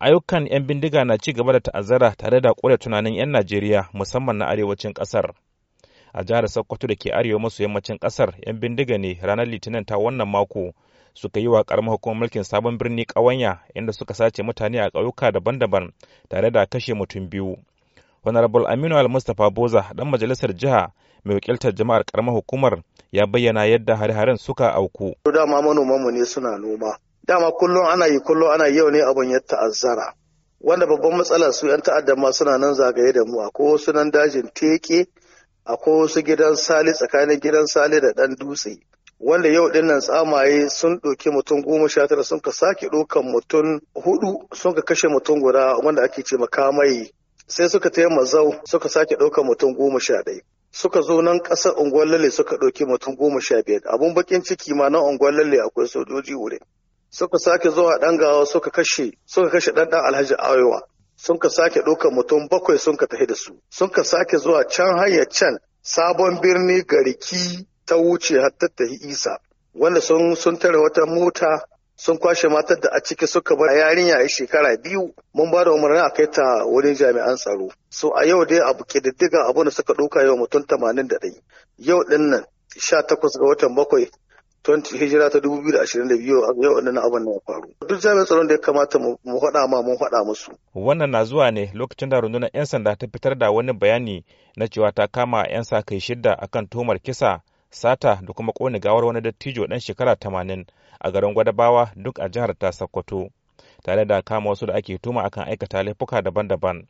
ayyukan 'yan bindiga na ci gaba da ta'azzara tare da ƙure tunanin 'yan Najeriya musamman na arewacin ƙasar. A jihar Sokoto da ke arewa maso yammacin ƙasar 'yan bindiga ne ranar Litinin ta wannan mako suka yi wa karamar hukumar mulkin sabon birni ƙawanya inda suka sace mutane a ƙauyuka daban-daban tare da kashe mutum biyu. Honorable Aminu Al-Mustapha Boza dan majalisar jiha mai wakiltar jama'ar karamar hukumar ya bayyana yadda hare-haren suka auku. Dama mu ne suna noma. dama kullum ana yi kullum ana yau ne abun ya ta'azzara wanda babban matsala su 'yan ta'adda ma suna nan zagaye da mu a wasu nan dajin teke ko wasu gidan sali tsakanin gidan sale da dan dutse wanda yau din nan tsamaye sun ɗauki mutum goma sha tara sun ka sake ɗaukan mutum hudu sun ka kashe mutum guda wanda ake ce makamai sai suka taya mazau suka sake ɗaukan mutum goma sha ɗaya suka zo nan ƙasar unguwar lalle suka ɗauki mutum goma sha biyar abun bakin ciki ma na unguwar lalle akwai sojoji wurin suka sake zuwa ɗan gawa suka kashe suka kashe ɗan ɗan alhaji ayowa sun ka sake ɗaukar mutum bakwai sun ka tafi da su sun ka sake zuwa can hanya can sabon birni gariki ta wuce har tattahi isa wanda sun sun tare wata mota sun kwashe matar da a ciki suka bar yarinya a shekara biyu mun bada umarni a kai ta wurin jami'an tsaro so a yau dai abu ke diddigan abu da suka ɗauka yau mutum tamanin da ɗaya yau ɗin nan sha takwas ga watan bakwai 20 hijira ta 2022 yau wannan abin ya faru duk jami'an tsaron da ya kamata mu faɗa ma mun faɗa musu wannan na zuwa ne lokacin da rundunar 'yan sanda ta fitar da wani bayani na cewa ta kama 'yan sa kai shidda akan tomar kisa sata da kuma ƙone gawar wani dattijo ɗan shekara tamanin a garin gwadabawa duk a jihar ta sokoto tare da kama wasu da ake tuma akan aikata laifuka daban-daban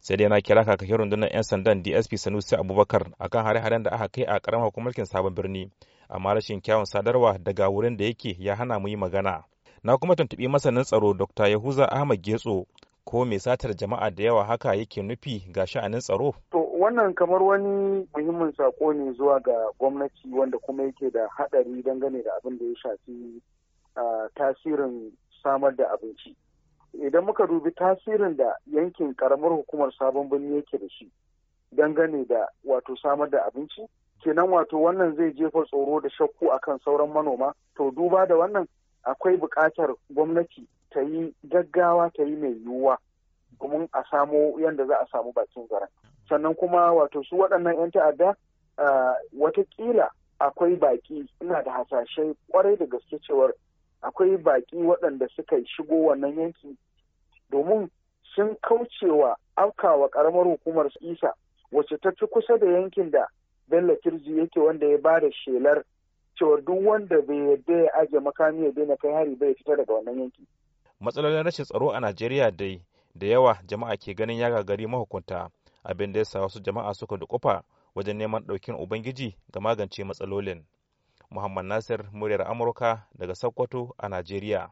sai dai na kira kakakin rundunar 'yan sandan dsp sanusi abubakar akan hare-haren da aka kai a karamar hukumar sabon birni amma rashin kyawun sadarwa daga wurin da yake ya hana mu yi magana na kuma tuntuɓi masanin tsaro dr yahuza ahmad getso ko mai satar jama'a da yawa haka yake nufi ga sha'anin tsaro to wannan kamar wani muhimmin sako ne zuwa ga gwamnati wanda kuma yake da haɗari dangane da abin da ya shafi tasirin samar da abinci idan muka dubi tasirin da yankin karamar hukumar sabon birni yake da shi dangane da wato samar da abinci kenan wato wannan zai jefa tsoro da shakku akan sauran manoma to duba da wannan akwai buƙatar gwamnati ta yi gaggawa ta yi mai yiwuwa domin a samo yadda za a samu bakin zaren sannan kuma wato su waɗannan 'yan ta'adda watakila akwai baƙi ina da hasashe kwarai da gaske cewar akwai baƙi waɗanda suka shigo wannan yanki domin sun kaucewa afkawa ƙaramar hukumar isa wacce ta fi kusa da yankin da bello kirji yake wanda ya ba da shelar cewa duk wanda bai yadda ya ajiye makami ya daina kai hari bai fita daga wannan yanki matsalolin rashin tsaro a najeriya dai da yawa jama'a ke ganin ya gagari mahukunta abin da ya sa wasu jama'a suka dukufa wajen neman ɗaukin ubangiji ga magance matsalolin muhammad nasir muryar amurka daga sokoto a najeriya